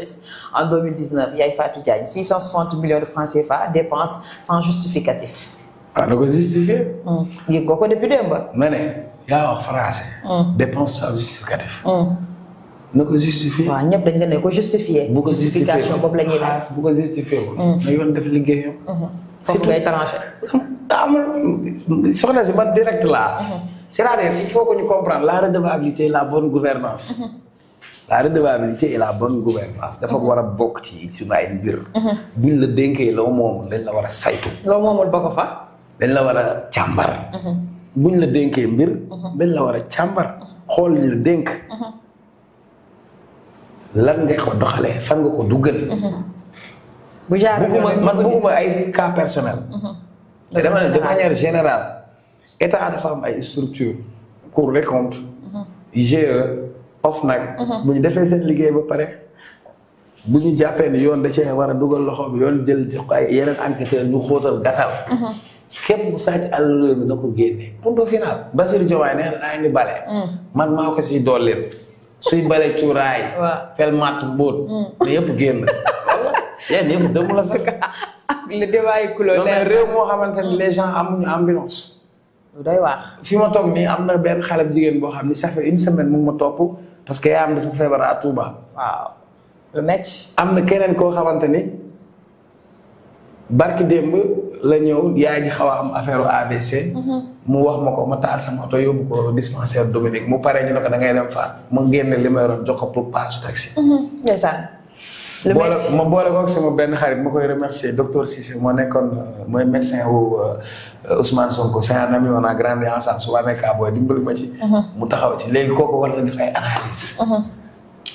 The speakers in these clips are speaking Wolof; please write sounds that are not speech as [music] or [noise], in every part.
administratrice en 2019 Yaye Fatou Diagne 660 millions de francs CFA dépenses sans justificatif. ah na ko justifié. yëg nga ko depuis démb. ma ne yaa wax français. dépense sans justificatif. na ko justifié. waaw ñëpp dañ ne ko justifié. bu ko justifié boobu la ñuy laaj. Ah, bu ko justifié ko. na yoon def liggéeyam. surtout foofu ngay tranché. daa ah, amul si man direct laa. c'est-à-dire il faut que ñu comprendre la redevabilité la bonne gouvernance la redevabilité et la bonne gouvernance dafa mhm. war a bokk ci suñu ay mbir. Mhm. buñ la dénkee loo moomul dañ la war a saytu. loo moomul bokk la war a càmbar. Mhm. buñ la dénkee mbir. dañ la war a càmbar xool la dénk. lan nga ko doxalee fan nga ko duggal. bu jaar man bëgguma ay cas personnel. mais dama de manière générale état dafa ay structure cour des comptes of nag. Mhm. bu ñu defee seen liggéey ba pare bu ñu jàppee ni yoon da ci war a dugal loxoom yoon jël jox ko ay yeneen enquêteurs ñu xóotal gasal. Mhm. képp mu sàcc àll réew mi na ko génne. punto final Bassirou Diomaye nee mm. man maa ko siy dooleel. suy bale cuuraay. [laughs] waaw fel matt mbóot. te mm. yëpp génn. [laughs] yéen yëpp dëgg la sax. le débat yi couleur réew moo xamante ni mm. les gens amuñu ambulance. doy waar fi ma toog nii am na benn xale bu jigéen boo xam ni ça fait une semaine mu ma topp. parce que yaayam dafa feebar à Touba. waaw lu métti. am na keneen koo xamante ni barki démb la ñëw yaa ji xaw a am affaire AVC. Mhm. mu wax ma ko ma taal sama oto yóbbu ko dispensaire Dominique mu pare ñu ne ko da ngay dem faat mu génne li ma yoroon jox taxi. Mhm. ndeysaan. lu boole ma boole koog sama benn xarit ma koy remercier docteur Cissé moo nekkoon euh, mooy médecin wu euh, Ousmane Sonko c'est un ami a grandi ensemble su ma amee kaa booy dimbali ma ci. Uh-huh. mu taxaw ci léegi kooku war na def ay analyse uh-huh.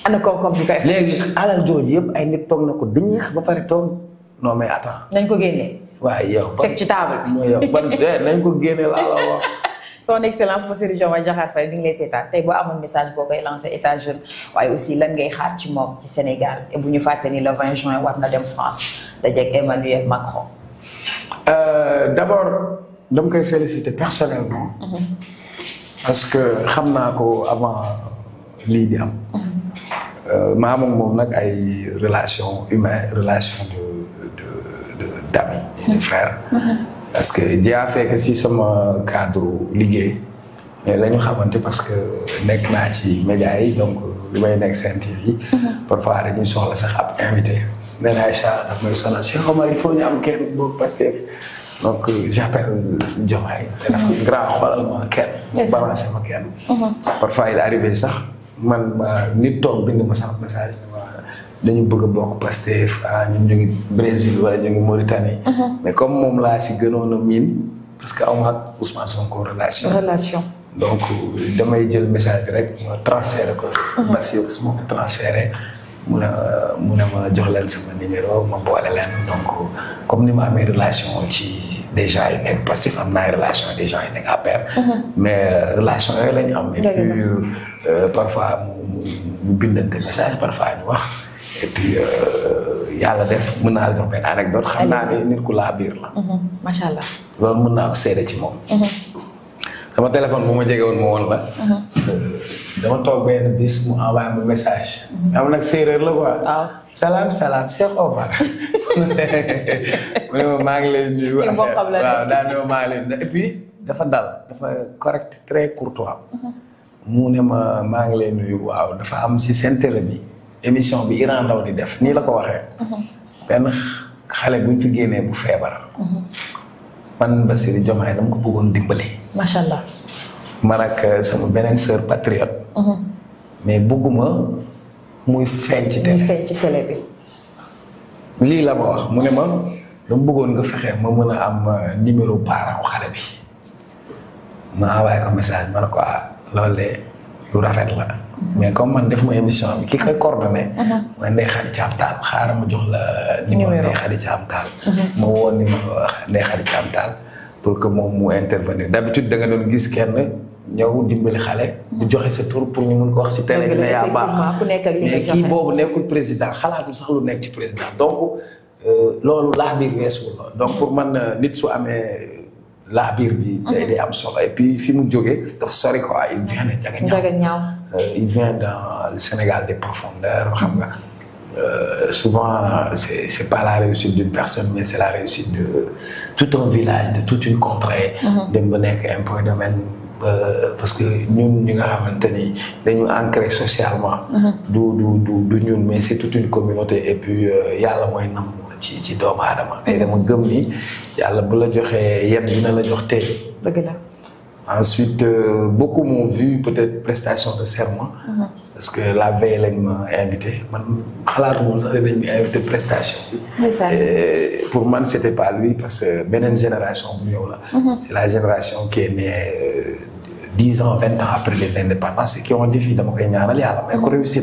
ana koom-koom bi koy. léegi ay nit toog na ko dañuy ba pare toog non mais attends. nañ ko génne. waaw yow. teg ci table. mooy yow ban [laughs] eh, nañ ko génne laa la wax. son excellence Bassirou Diomaye Diakhar Faye bi ngi lay seetaan tey boo amoon message boo koy lancé état jeune waaye aussi lan ngay xaar ci moom ci Sénégal te bu ñu fàtte ni le 20 juin war nga dem France dajeeg Emmanuel Macron. Euh, d'abord dama koy féliciter personnellement. Mm-hmm. parce que xam naa ko avant lii am. Mm-hmm. Euh, maam moom nag ay relation humaine relation de de de mm-hmm. frères. parce que jaa fekk si sama cadre liggéey lañu xamante parce que nekk naa ci média yi donc li may nekk Sen TV. Mhm. parfois dañuy soxla sax ab invité. nee naa Aïcha daf may sonal Cheikh Omar ñu am kenn boobu Pastef donc euh, j'appelle Diomaye téléphone mhm. grand xoolal ma kenn. balancé ma kenn. Mhm. parfois il arrivé sax man nit toog bind ma sax message. dañu bëgg a bokk Pastef ah ñun ñu ngi Brésil wala ñu ngi Mauritanie. Mhm. mais comme moom laa si gënoon a miin parce que aw ma ak Ousmane Sonko relation. relation donc damay jël message rek ma transféré ko. Mhm. Bassirou su ma ko transféré mu ne mu ma jox leen sama numéro ma boole leen donc comme ni ma amee relation ci des gens yu nekk Pastef am naa relation des gens yu nekk APR. Mhm. mais euh, relation yooyu la ñu am. et euh, parfois mu bindante message parfois ñu wax. et euh, yàlla def mën naa la jox benn anecdote xam naa ne nit ku laa biir la. Mhm. macha allah loolu mën naa ko seede ci moom. Mhm. sama téléphone bu ma jege woon ma woon la. Mhm. Euh, dama toog benn bis mu am nag [laughs] maa ngi lay nuyu. ci boppam waaw daa ne maa ngi lay et dafa dal dafa correct très courtois. mu ne ma maa ngi lay nuyu waaw dafa am si seen télé émission bi Iran Ndaw di def nii la ko waxee. Mhm. benn xale buñ fi génnee bu feebar. Mhm. man Bassirou Diomaye dama ko bëggoon dimbali. macha allah. man ak euh, sama beneen sœur patriote. Mhm. mais bëgguma muy feeñ muy feeñ ci télé bi. lii la ma wax mu ne ma dama bëggoon nga fexee ma mën a am euh, numéro parent xale bi ma envoyé ko message ma ne ko ah loolu lu rafet la. mais comme man def ma émission bi ki koy coordonné. Uh-huh. mooy Ndeye Khady Thiam xaaral ma jox la. numéro Ndeye Khady Thiam Tall. Uh-huh. ma woo numéro uh, Ndeye Khady Thiam Tall pour que moom mu intervenir d'habitude da nga doon gis kenn. ñëw dimbali xale. di uh-huh. joxe sa tur pour ñu mun ko wax si télé bi ne yaa baax mais kii boobu nekkul président xalaatul sax lu nekk ci président donc euh, loolu laa biir weesu donc pour man euh, nit su amee. laa biir bi. Mhm. day day am solo et puis fi mu jógee dafa sori quoi il vient de Diaganiao. Euh, il vient dans le Sénégal des profondeurs xam nga. Euh, souvent, c'est c'est pas la réussite d'une personne, mais c'est la réussite de tout un village, de toute une contrée. Mhm. dem ba nekk un Euh, parce que ñun ñi nga xamante ni dañu ancré socialement. Mhm. du du du ñun mais c'est toute une communauté et puis euh, yàlla mooy nam ci ci doomu aadama tey dama gëm ni yàlla bu la joxee yem dina la jox tey. dëgg la ensuite euh, beaucoup m'ont vu peut prestation de serment. Mhm. parce que la veille lañ ma invité man xalaatu moom sax dañ ma invité prestation. pour man c'était pas lui parce que beneen génération bu la. Mhm. la génération qui est née euh, dix ans vingt ans après les indépendances et fii dama koy ñaanal yàlla may ko mhm. réussir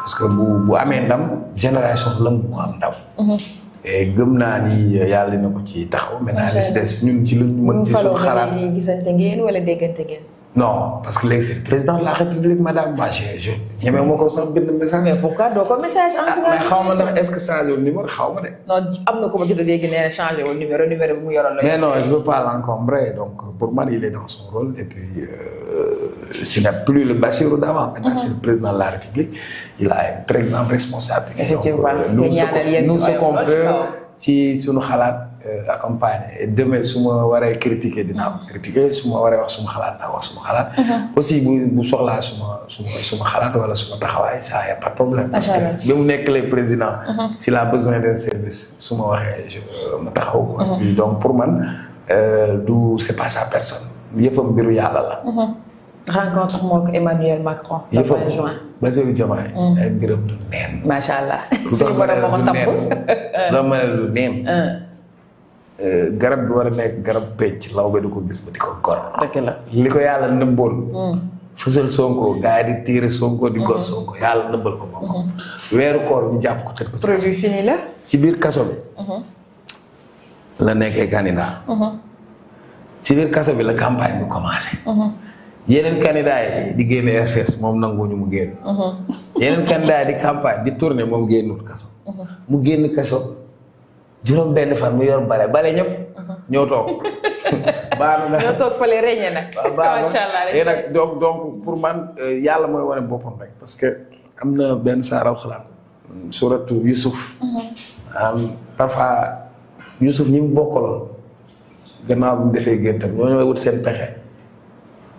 parce que bu bu amee ndam génération la mu am ndam. Mhm. et naa ni yàlla dina ko ci taxaw. maintenant li ci des ñun ci luñ mën ci suñu xalaat. mu faroon ngeen wala déggante ngeen. non parce que léegi c'est président de la république madame Bachir je ñeme ma ko sax bind message. mais pourquoi ah, mais xaw ce que changé wul numéro xaw ma de. non mu yoroon la. mais non je veux pas l'encombrer donc pour man il est dans son rôle et puis euh, ce n'est plus le Bachir d'avant. maintenant uh-huh. c'est le de la république il a une très grande responsabilité. effectivement te ñaanal yéen sunu xalaat. Euh, accompagner et demain su ma waree critiquer dinaa ko critiquer su ma waree wax suma xalaat naa wax suma xalaat. Uh-huh. aussi bu bu soxlaa suma suma suma xalaat wala suma taxawaay ça y a pas de problème. parce mu nekk le président. Uh-huh. s'il la besoin d'un service su ma waxee ma taxaw ko. Uh-huh. donc pour man euh, du c'est pas sa personne yëfam mbiru yàlla la. rencontre mook Emmanuel Macron. le 20 juin Bassirou Diomaye. ay mbiram du neen. macha allah. suñu borom neen. garab bi war a nekk garab penc law ba di ko gis ba di ko gor. dëgg la li ko yàlla nëbboon. Mm. fësal sonko gaa di téere sonko di gor mm. sonko yàlla nëbbal ko boppam. Mm-hmm. weeru koor ñu jàpp ko tëj ko. produit fini ci biir kaso bi. Mm-hmm. la nekkee mm-hmm. biir kaso bi la campagne bi commencé. yeneen candidat di génne RTS moom nanguwuñu mu génn. yeneen candidat di campagne di tourné moom génnul kaso. juróom benn fan mu yor bale bale ñëpp uh-huh. ñoo toog [laughs] baax na ñoo toog fële reñe nag donc pour man euh, yàlla mooy wane boppam rek parce que am na benn saaraw xalaat suratu Yusuf uh-huh. am parfois Yusuf ñi mu bokkaloon gannaaw bu mu defee géntam ñoo ñooy wut seen pexe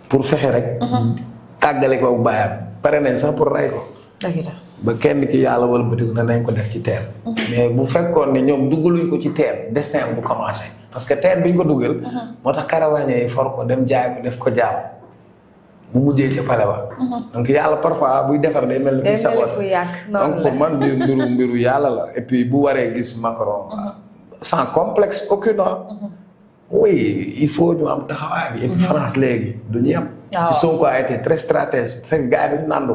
pour fexe rek uh-huh. tàggale ko bu baayam pare nañ sax pour rey ko ba kenn ki yàlla wala bëtiku ne nañ ko def ci teer mais bu fekkoon ne ñoom duggaluñ ko ci teen destin bu commencé parce que teen biñ ko dugal uh-huh. moo tax caravane yi for ko dem jaay def ko jaam bu mujjee ca pale ba uh-huh. donc yàlla parfois buy defar day mel ni buy saboot donc man mbir mbiru mbiru yàlla la et bu waree gis Macron uh-huh. sans complexe aucun ah. oui il faut ñu am taxawaay bi et France léegi du ñu am ah. Sonko a été très stratège seen gars yi dañu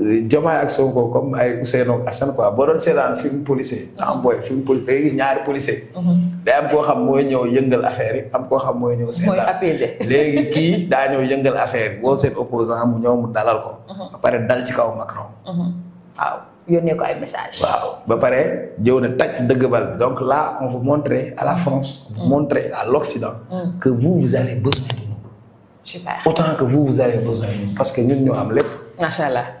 Diomaye ak Sonko comme ay Ousseynou ak Assane quoi boo doon seetaan film policier am ah, film policier da ñaari policier mhm. day am koo xam mooy ñëw yëngal affaire yi am koo xam mooy ñëw seetaan léegi kii daa ñëw yëngal affaire yi boo seen opposant mu ñëw mu dalal ko mhm. ba pare dal ci kaw Macron mhm. waaw yónnee ko ay message waaw ba pare jëw taj dëgg donc la on veut montrer à la France on veut montrer à l'Occident que vous vous avez besoin de nous que vous vous avez besoin ñun ñoo am lépp macha allah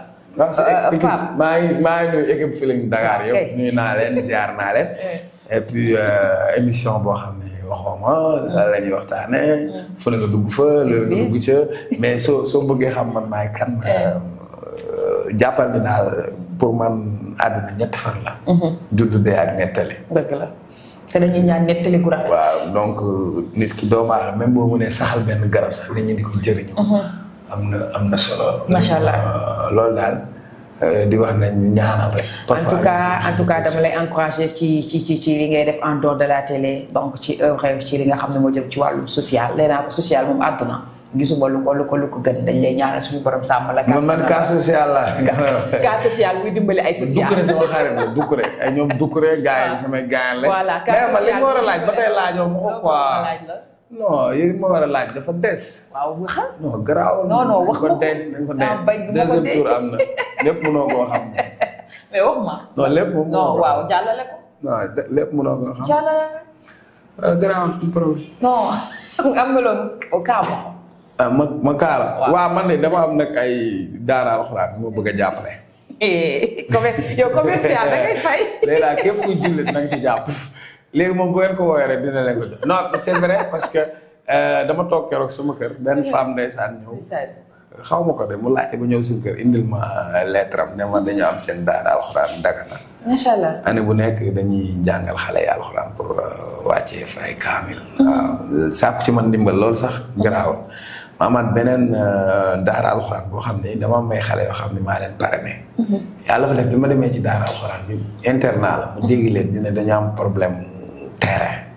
donc sa équipe maa ngi maa ngi nuyu équipe naa leen ziar naa leen. et émission boo xam ne waxoo ma lan la ñuy waxtaanee. fu la nga dugg fa loolu dugg ca mais soo soo bëggee xam man maay kan. jàppal ni daal pour man àdduna ñett fan la. juddu dee ak nettali. dëgg la. te dañuy mhm. ñaan nettali gu rafet. donc nit ki doomu aadama même boo mënee saxal benn garab sax nit ñi di ko jëriñoo. am na am na solo. macha allah euh, loolu daal. Euh, di wax ne ñaanal a en tout en tout cas dama lay encourager ci ci ci ci li ngay def en dehors de la télé donc ci œuvre ci li nga xam ne moo jëm ci wàllum social nee naa ko social moom àdduna gisuma lu ko lu ko lu ko gën dañ lay ñaanal suñu borom sàmm la. man man cas social la. [laughs] cas dimbali ay social. dukure sama ñoom dukure. Ah. samay gars yi lañ. ma war a laaj ba tey laajoo ma ko quoi. non yéen [laughs] ma war a laaj dafa dees waaw waxal non garaaw. non non wax ma ko dañ ah, ko denc deuxième tour mais wax ma. non lépp mënoo non waaw ko. lépp mënoo koo xam. am na loolu au cas ma. ma ma kaala. man de eh, dama am nag ay daara alxuraan yu eh. eh, ma bëgg [laughs] a jàppale. commerce yow commercial da [laughs] ngay fay. léegi daal képp kuy jullit na nga jàpp. léegi moom bu ngeen ko woowee rek dina leen ko jox non c'est vrai parce que euh, dama toog keroog sama kër benn femme ndeysaan ñëw xaw ma ko de mu laajte ba ñëw suñu kër indil ma lettre am ne ma seen daara alxuraan dagana. macha bu nekk dañuy jàngal xale yi alxuraan pour euh, wàccee fay kaamil. waaw ci man ndimbal loolu sax garaaw ma amaat beneen euh, daara alxuraan boo xam ne dama may xale yoo xam ne maa leen parrainé. Mhm. bi ma demee ci daara alxuraan la. mu jéggi leen ñu ne am problème tere